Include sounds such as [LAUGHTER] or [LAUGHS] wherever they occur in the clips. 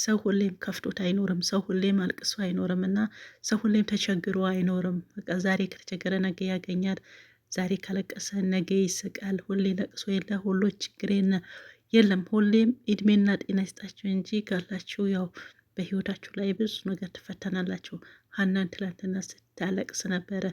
ሰው ሁሌም ከፍቶት አይኖርም። ሰው ሁሌም አልቅሶ አይኖርም እና ሰው ሁሌም ተቸግሮ አይኖርም። በቃ ዛሬ ከተቸገረ ነገ ያገኛል። ዛሬ ከለቀሰ ነገ ይስቃል። ሁሌ ለቅሶ የለ፣ ሁሎ ችግር የለም። ሁሌም እድሜና ጤና ይስጣችሁ እንጂ ካላችሁ ያው በህይወታችሁ ላይ ብዙ ነገር ትፈተናላችሁ። ሀናን ትላንትና ስታለቅስ ነበረ።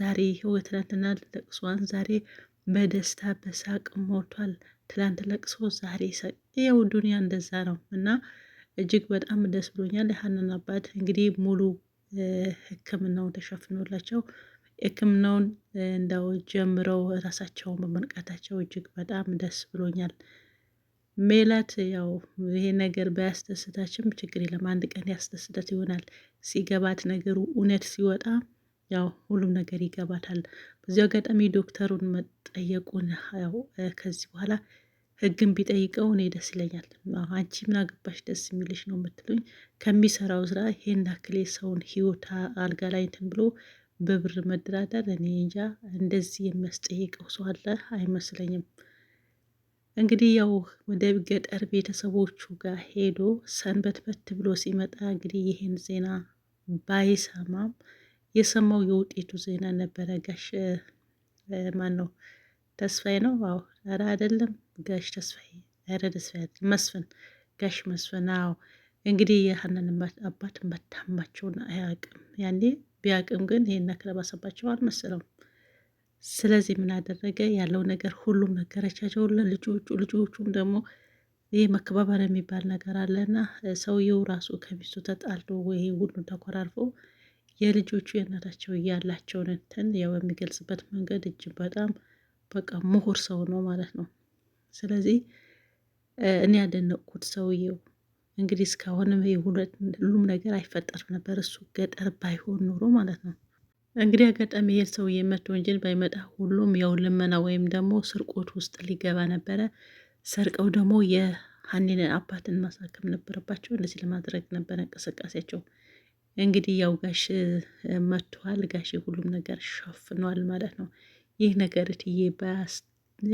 ዛሬ ይኸው የትላንትና ለቅሷን ዛሬ በደስታ በሳቅ ሞቷል። ትላንት ለቅሶ ዛሬ ይኸው ዱኒያ እንደዛ ነው እና እጅግ በጣም ደስ ብሎኛል። የሀናን አባት እንግዲህ ሙሉ ሕክምናውን ተሸፍኖላቸው ሕክምናውን እንደው ጀምረው ራሳቸውን በመንቃታቸው እጅግ በጣም ደስ ብሎኛል። ሜላት ያው ይሄ ነገር ባያስደስታችም ችግር የለም አንድ ቀን ያስደስታት ይሆናል። ሲገባት ነገሩ እውነት ሲወጣ ያው ሁሉም ነገር ይገባታል። በዚያው አጋጣሚ ዶክተሩን መጠየቁን ያው ከዚህ በኋላ ህግን ቢጠይቀው እኔ ደስ ይለኛል። አንቺ ምን አገባሽ ደስ የሚልሽ ነው የምትሉኝ? ከሚሰራው ስራ ይሄን አክሌ ሰውን ህይወት አልጋ ላይ እንትን ብሎ በብር መደራደር እኔ እንጃ። እንደዚህ የሚያስጠይቀው ሰው አለ አይመስለኝም። እንግዲህ ያው ወደ ገጠር ቤተሰቦቹ ጋር ሄዶ ሰንበትበት ብሎ ሲመጣ እንግዲህ ይሄን ዜና ባይሰማም የሰማው የውጤቱ ዜና ነበረ። ጋሽ ማን ነው ተስፋዬ ነው። አዎ፣ ኧረ አይደለም ጋሽ ተስፋዬ፣ ኧረ ተስፋዬ መስፍን፣ ጋሽ መስፍን። አዎ እንግዲህ የሀናን አባት መታማቸውን አያውቅም። ያኔ ቢያውቅም ግን ይሄን ያክለባሰባቸው አልመስለውም። ስለዚህ ምን አደረገ? ያለው ነገር ሁሉም ነገረቻቸው ለልጆቹ። ልጆቹም ደግሞ ይህ መከባበር የሚባል ነገር አለና ሰውየው ራሱ ከሚስቱ ተጣልቶ ወይ ሁሉ ተኮራርፎ የልጆቹ የእናታቸው እያላቸውን እንትን ያው የሚገልጽበት መንገድ እጅ በጣም በቃ ምሁር ሰው ነው ማለት ነው። ስለዚህ እኔ ያደነቅኩት ሰውየው እንግዲህ እስካሁንም ሁሉም ነገር አይፈጠርም ነበር እሱ ገጠር ባይሆን ኖሮ ማለት ነው። እንግዲህ አጋጣሚ ይሄ ሰውዬ መቶ ወንጀል ባይመጣ ሁሉም ያው ልመና ወይም ደግሞ ስርቆት ውስጥ ሊገባ ነበረ። ሰርቀው ደግሞ የሀኒን አባትን ማሳከም ነበረባቸው። እንደዚህ ለማድረግ ነበረ እንቅስቃሴያቸው። እንግዲህ ያው ጋሽ መጥተዋል። ጋሽ ሁሉም ነገር ሸፍኗል ማለት ነው። ይህ ነገር እትዬ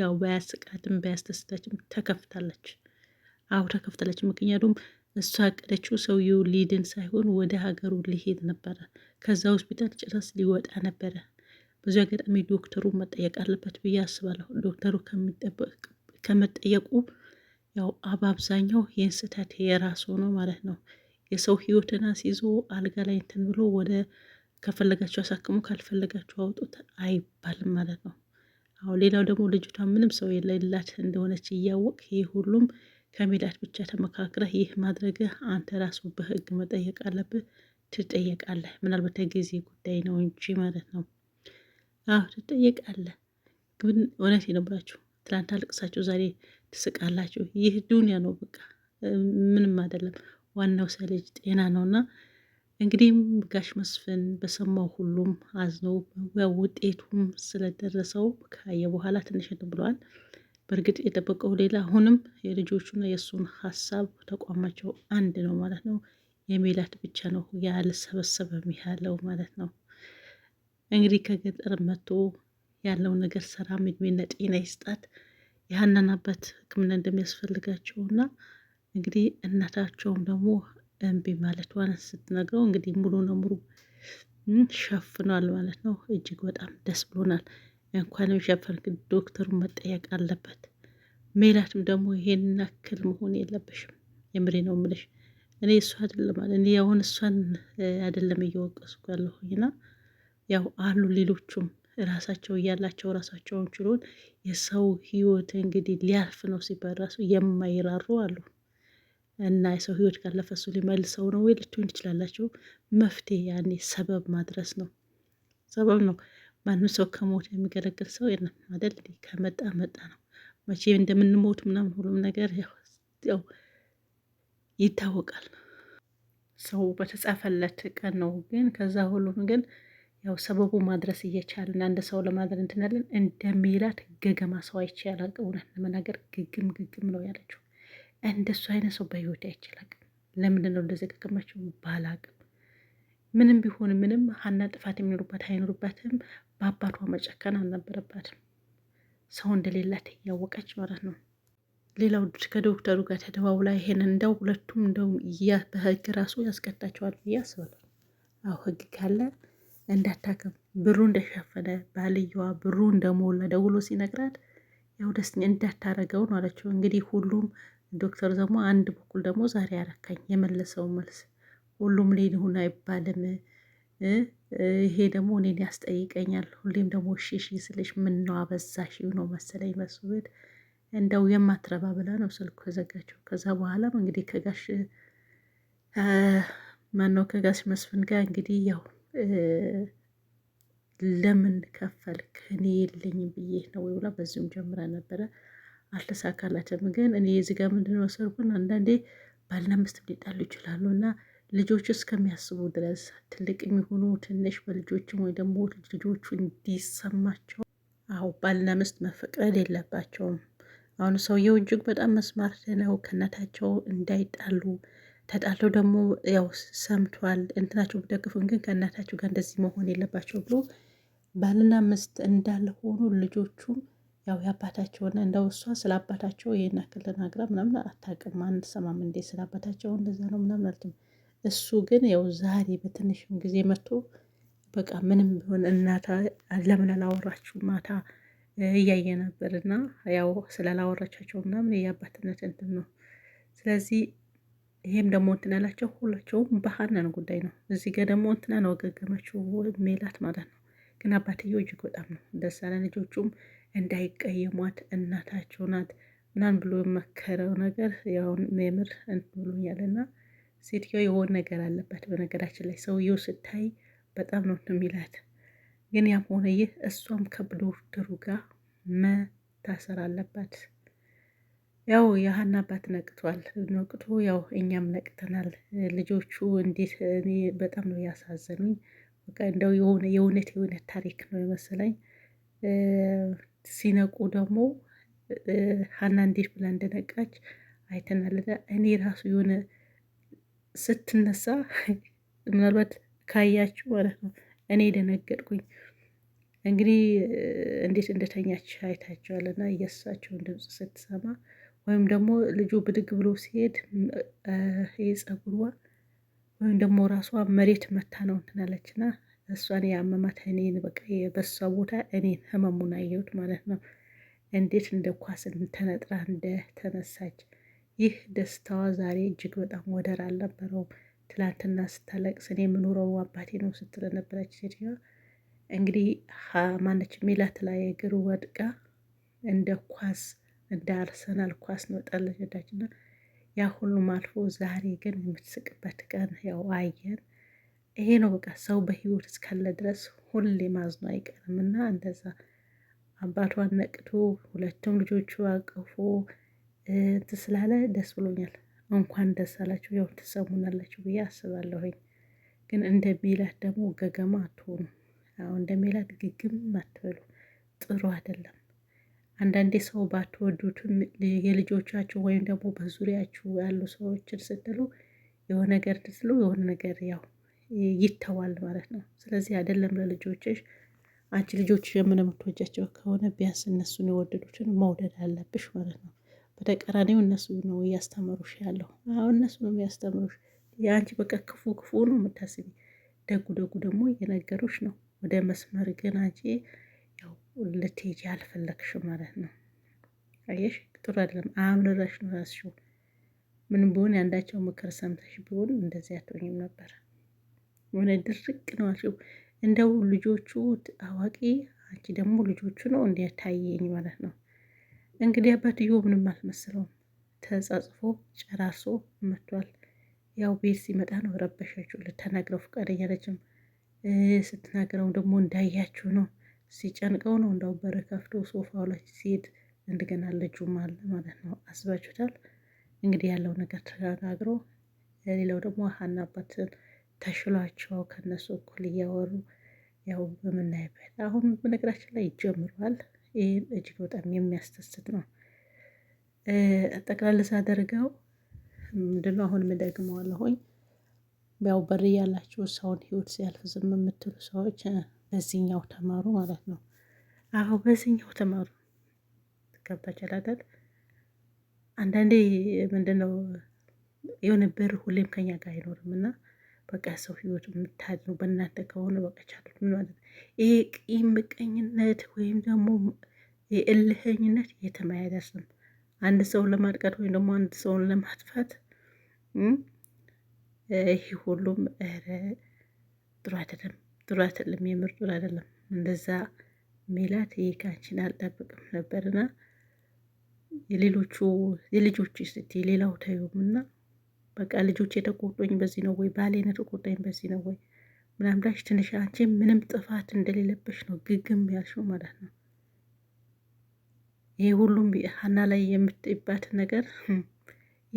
ያው ባያስቃትም ባያስደስታችም ተከፍታለች። አሁ ተከፍታለች። ምክንያቱም እሷ ያቀደችው ሰውየው ሊድን ሳይሆን ወደ ሀገሩ ሊሄድ ነበረ። ከዛ ሆስፒታል ጭረስ ሊወጣ ነበረ። ብዙ አጋጣሚ ዶክተሩ መጠየቅ አለበት ብዬ አስባለሁ። ዶክተሩ ከመጠየቁ ያው በአብዛኛው ይህን ስህተት የራሱ ነው ማለት ነው። የሰው ህይወትን አስይዞ አልጋ ላይ እንትን ብሎ ወደ ከፈለጋችሁ አሳክሙ፣ ካልፈለጋችሁ አውጡት አይባልም ማለት ነው። አሁን ሌላው ደግሞ ልጅቷ ምንም ሰው የሌላት እንደሆነች እያወቅ ይህ ሁሉም ከሜላት ብቻ ተመካክረህ ይህ ማድረግህ አንተ ራሱ በህግ መጠየቅ አለብህ፣ ትጠየቃለህ። ምናልባት ጊዜ ጉዳይ ነው እንጂ ማለት ነው። አዎ ትጠየቃለህ። ግን እውነት ይነብራችሁ ትላንት አልቅሳችሁ ዛሬ ትስቃላችሁ። ይህ ዱንያ ነው፣ በቃ ምንም አይደለም። ዋናው ሰው ልጅ ጤና ነውና እንግዲህም ጋሽ መስፍን በሰማው ሁሉም አዝነው ውጤቱም ስለደረሰው ካየ በኋላ ትንሽ ብለዋል። በእርግጥ የጠበቀው ሌላ አሁንም የልጆቹና የእሱን ሀሳብ ተቋማቸው አንድ ነው ማለት ነው። የሜላት ብቻ ነው ያልሰበሰበም ያለው ማለት ነው። እንግዲህ ከገጠር መጥቶ ያለው ነገር ሰላም እድሜና ጤና ይስጣት። የሀናን አባት ሕክምና እንደሚያስፈልጋቸውና እንግዲህ እናታቸውም ደግሞ እምቢ ማለቷን ስትነግረው እንግዲህ ሙሉ ለሙሉ ሸፍኗል ማለት ነው። እጅግ በጣም ደስ ብሎናል። እንኳንም ሸፈንክ፣ ዶክተሩ መጠየቅ አለበት። ሜላትም ደግሞ ይሄን ያክል መሆን የለበሽም፣ የምሬ ነው ምልሽ እኔ እሷ አይደለም እኔ አሁን እሷን አይደለም እየወቀስኩ ያለሁኝና ያው አሉ ሌሎቹም ራሳቸው እያላቸው ራሳቸውን ችሎን የሰው ህይወት እንግዲህ ሊያልፍ ነው ሲባል ራሱ የማይራሩ አሉ። እና የሰው ህይወት ካለፈ እሱ ሊመልሰው ነው ወይ ልትሆን ትችላላችሁ። መፍትሄ ያኔ ሰበብ ማድረስ ነው። ሰበብ ነው። ማንም ሰው ከሞት የሚገለግል ሰው የለም አይደል? ከመጣ መጣ ነው። መቼ እንደምንሞት ምናምን ሁሉም ነገር ያው ይታወቃል። ሰው በተጻፈለት ቀን ነው። ግን ከዛ ሁሉም ግን ያው ሰበቡ ማድረስ እየቻልን አንድ ሰው ለማድረግ እንትናለን እንደሚላት ገገማ ሰው አይቼ አላውቅም። እውነት ለመናገር ግግም ግግም ነው ያለችው። እንደሱ አይነት ሰው በህይወት አይችላቅም። ለምንድን ነው እንደዚህ ገቀማቸው ባላቅም ምንም ቢሆን ምንም ሀና ጥፋት የሚኖሩባት አይኖሩባትም በአባቷ መጨከን አልነበረባትም። ሰው እንደሌላት እያወቀች ማለት ነው። ሌላው ከዶክተሩ ጋር ተደዋውላ ይሄን እንደው ሁለቱም እንደው በህግ ራሱ ያስቀጣቸዋል ብዬ አስባለሁ። አሁ ህግ ካለ እንዳታከም ብሩ እንደሸፈነ ባልየዋ ብሩ እንደሞላ ደውሎ ሲነግራት ያው ደስ እንዳታረገው ነው አለችው። እንግዲህ ሁሉም ዶክተር ደግሞ አንድ በኩል ደግሞ ዛሬ አረካኝ የመለሰው መልስ ሁሉም ሌ ሊሆን አይባልም። ይሄ ደግሞ እኔን ያስጠይቀኛል። ሁሌም ደግሞ ሽሽ እሺ ስልሽ ምነው አበዛሽ ነው መሰለኝ መሱ እንደው የማትረባ ብላ ነው ስልኩ ዘጋቸው። ከዛ በኋላም እንግዲህ ከጋሽ ማነው ከጋሽ መስፍን ጋር እንግዲህ ያው ለምን ከፈልክ እኔ የለኝም ብዬ ነው ወይ ብላ በዚሁም ጀምረ ነበረ። አልተሳካላትም። ግን እኔ የዚህ ጋር ምንድን ነው አንዳንዴ ባልና ሚስት ሊጣሉ ይችላሉ እና ልጆች እስከሚያስቡ ድረስ ትልቅ የሚሆኑ ትንሽ በልጆችም ወይ ደግሞ ልጆቹ እንዲሰማቸው አሁ ባልና ሚስት መፈቅረድ የለባቸውም። አሁን ሰውየው እጅግ በጣም መስማርት ነው። ከእናታቸው እንዳይጣሉ ተጣለው ደግሞ ያው ሰምቷል እንትናቸው ብደግፉን ግን ከእናታቸው ጋር እንደዚህ መሆን የለባቸው ብሎ ባልና ሚስት እንዳልሆኑ ልጆቹም ያው የአባታቸውን እንደው እሷ ስለ አባታቸው ይህን ያክል ተናግራ ምናምን አታውቅም። አንድ ሰማም እንዴ ስለ አባታቸው እንደዛ ነው ምናምን አልትም። እሱ ግን ያው ዛሬ በትንሽም ጊዜ መጥቶ በቃ ምንም ቢሆን እናታ ለምን አላወራችሁ ማታ እያየ ነበር እና ያው ስላላወራቻቸው ምናምን የአባትነት እንትን ነው። ስለዚህ ይሄም ደግሞ እንትን ያላቸው ሁላቸውም ባህናን ጉዳይ ነው። እዚህ ጋር ደግሞ እንትናን አወገገመችው ሜላት ማለት ነው። ግን አባትየው እጅግ በጣም ነው ደስ ያለ ልጆቹም እንዳይቀየሟት እናታቸው ናት ምናምን ብሎ የመከረው ነገር ያሁን የምር እንትን ብሎኛል። እና ሴትዮ የሆን ነገር አለባት። በነገራችን ላይ ሰውየው ስታይ በጣም ነው የሚላት። ግን ያም ሆነ ይህ እሷም ከዶክተሩ ጋር መታሰር አለባት። ያው የሀና አባት ነቅቷል። ነቅቶ ያው እኛም ነቅተናል። ልጆቹ እንዴት እኔ በጣም ነው ያሳዘኑኝ። በቃ እንደው የሆነ የእውነት የእውነት ታሪክ ነው የመሰለኝ። ሲነቁ ደግሞ ሀና እንዴት ብላ እንደነቃች አይተናልና እኔ ራሱ የሆነ ስትነሳ [LAUGHS] ምናልባት ካያችሁ ማለት ነው እኔ ደነገጥኩኝ። እንግዲህ እንዴት እንደተኛች አይታችኋልና እያሳቸውን ድምፅ ስትሰማ ወይም ደግሞ ልጁ ብድግ ብሎ ሲሄድ ይህ ፀጉሯ ወይም ደግሞ ራሷ መሬት መታ ነው እንትናለችና እሷን ያመማት እኔን በቃ በሷ ቦታ እኔን ህመሙን አየሁት ማለት ነው። እንዴት እንደ ኳስ ተነጥራ እንደ ተነሳች። ይህ ደስታዋ ዛሬ እጅግ በጣም ወደር አልነበረውም። ትላንትና ስታለቅስ እኔ የምኖረው አባቴ ነው ስትል ነበረች ሴትዮዋ። እንግዲህ ማነች ሜላት ላይ እግር ወድቃ እንደ ኳስ እንደ አርሰናል ኳስ ነው ጠለች። ያ ሁሉም አልፎ ዛሬ ግን የምትስቅበት ቀን ያው አየን። ይሄ ነው በቃ ሰው በህይወት እስካለ ድረስ ሁሌ ማዝኖ አይቀርም እና እንደዛ አባቷን ነቅቶ ሁለቱም ልጆቹ አቅፎ ትስላለ ደስ ብሎኛል። እንኳን ደስ አላችሁ። ያው ትሰሙናላችሁ ብዬ አስባለሁኝ። ግን እንደ ሜላት ደግሞ ገገማ አትሆኑ። አሁ እንደ ሜላት ግግም አትበሉ። ጥሩ አይደለም። አንዳንዴ ሰው ባትወዱትም የልጆቻችሁ ወይም ደግሞ በዙሪያችሁ ያሉ ሰዎችን ስትሉ የሆነ ነገር ትስሉ የሆነ ነገር ያው ይተዋል ማለት ነው። ስለዚህ አይደለም ለልጆችሽ አንቺ ልጆች የምንምትወጃቸው ከሆነ ቢያንስ እነሱን የወደዱትን መውደድ አለብሽ ማለት ነው። በተቃራኒው እነሱ ነው እያስተምሩሽ ያለው። አሁን እነሱ ነው የሚያስተምሩሽ። የአንቺ በቃ ክፉ ክፉ ነው የምታስቢ፣ ደጉ ደጉ ደግሞ እየነገሩሽ ነው። ወደ መስመር ግን አንቺ ያው ልትሄጂ አልፈለግሽ ማለት ነው። አየሽ፣ ጥሩ አይደለም። አምርረሽ ነው ያስሽው። ምን ቢሆን ያንዳቸው ምክር ሰምተሽ ቢሆን እንደዚህ አትሆኝም ነበር። የሆነ ድርቅ ነው አልሽው። እንደው ልጆቹ አዋቂ አንቺ ደግሞ ልጆቹ ነው እንዲያታየኝ ማለት ነው። እንግዲህ አባትዮ ምንም አልመሰለውም። ተጻጽፎ ጨራርሶ መቷል። ያው ቤት ሲመጣ ነው ረበሻችሁ ልተናግረው ፈቃደኛ አለችም። ስትናገረው ደግሞ እንዳያችሁ ነው ሲጨንቀው ነው እንዳው በር ከፍቶ ሶፋው ላይ ሲሄድ እንደገና ልጁም አለ ማለት ነው። አስባችሁታል እንግዲህ ያለው ነገር ተነጋግሮ፣ ለሌላው ደግሞ ሀና አባትን ተሽሏቸው ከነሱ እኩል እያወሩ ያው በምናይበት አሁን በነገራችን ላይ ይጀምሯል። ይህም እጅግ በጣም የሚያስደስት ነው። ጠቅላላ ሳደርገው ምንድነው አሁን የምደግመዋለሁኝ ያው በር ያላችሁ ሰውን ህይወት ሲያልፍ ዝም የምትሉ ሰዎች በዚህኛው ተማሩ ማለት ነው። አሁ በዚህኛው ተማሩ ገብታችኋል አይደል? አንዳንዴ ምንድነው የሆነ በር ሁሌም ከኛ ጋር አይኖርም እና በቃ ሰው ህይወት የምታድነው በእናንተ ከሆነ በቃ ቻሉት። ምን ማለት ነው ይሄ ቂም ምቀኝነት ወይም ደግሞ የእልህኝነት የትም አያደርስም። አንድ ሰውን ለማጥቃት ወይም ደግሞ አንድ ሰውን ለማጥፋት ይህ ሁሉም ጥሩ አይደለም፣ ጥሩ አይደለም፣ የምር ጥሩ አይደለም። እንደዛ ሜላት ይህ ካንቺን አልጠብቅም ነበርና የሌሎቹ የልጆች ስቲ ሌላው ተዩም በቃ ልጆች የተቆጡኝ በዚህ ነው ወይ ባሌን የተቆጣኝ በዚህ ነው ወይ ምናምን ብላሽ ትንሽ አንቺ ምንም ጥፋት እንደሌለበሽ ነው ግግም ያልሽው ማለት ነው። ይህ ሁሉም ሀና ላይ የምትይባት ነገር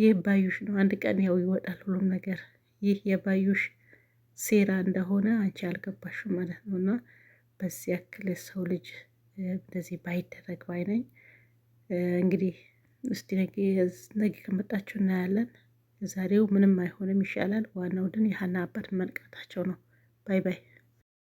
ይህ ባዩሽ ነው። አንድ ቀን ያው ይወጣል ሁሉም ነገር። ይህ የባዩሽ ሴራ እንደሆነ አንቺ አልገባሽም ማለት ነው። እና በዚህ ያክል ሰው ልጅ እንደዚህ ባይደረግ ባይነኝ እንግዲህ እስቲ ነገ ከመጣችሁ እናያለን። የዛሬው ምንም አይሆንም ይሻላል። ዋናው ግን የሀና አባት መንቃታቸው ነው። ባይ ባይ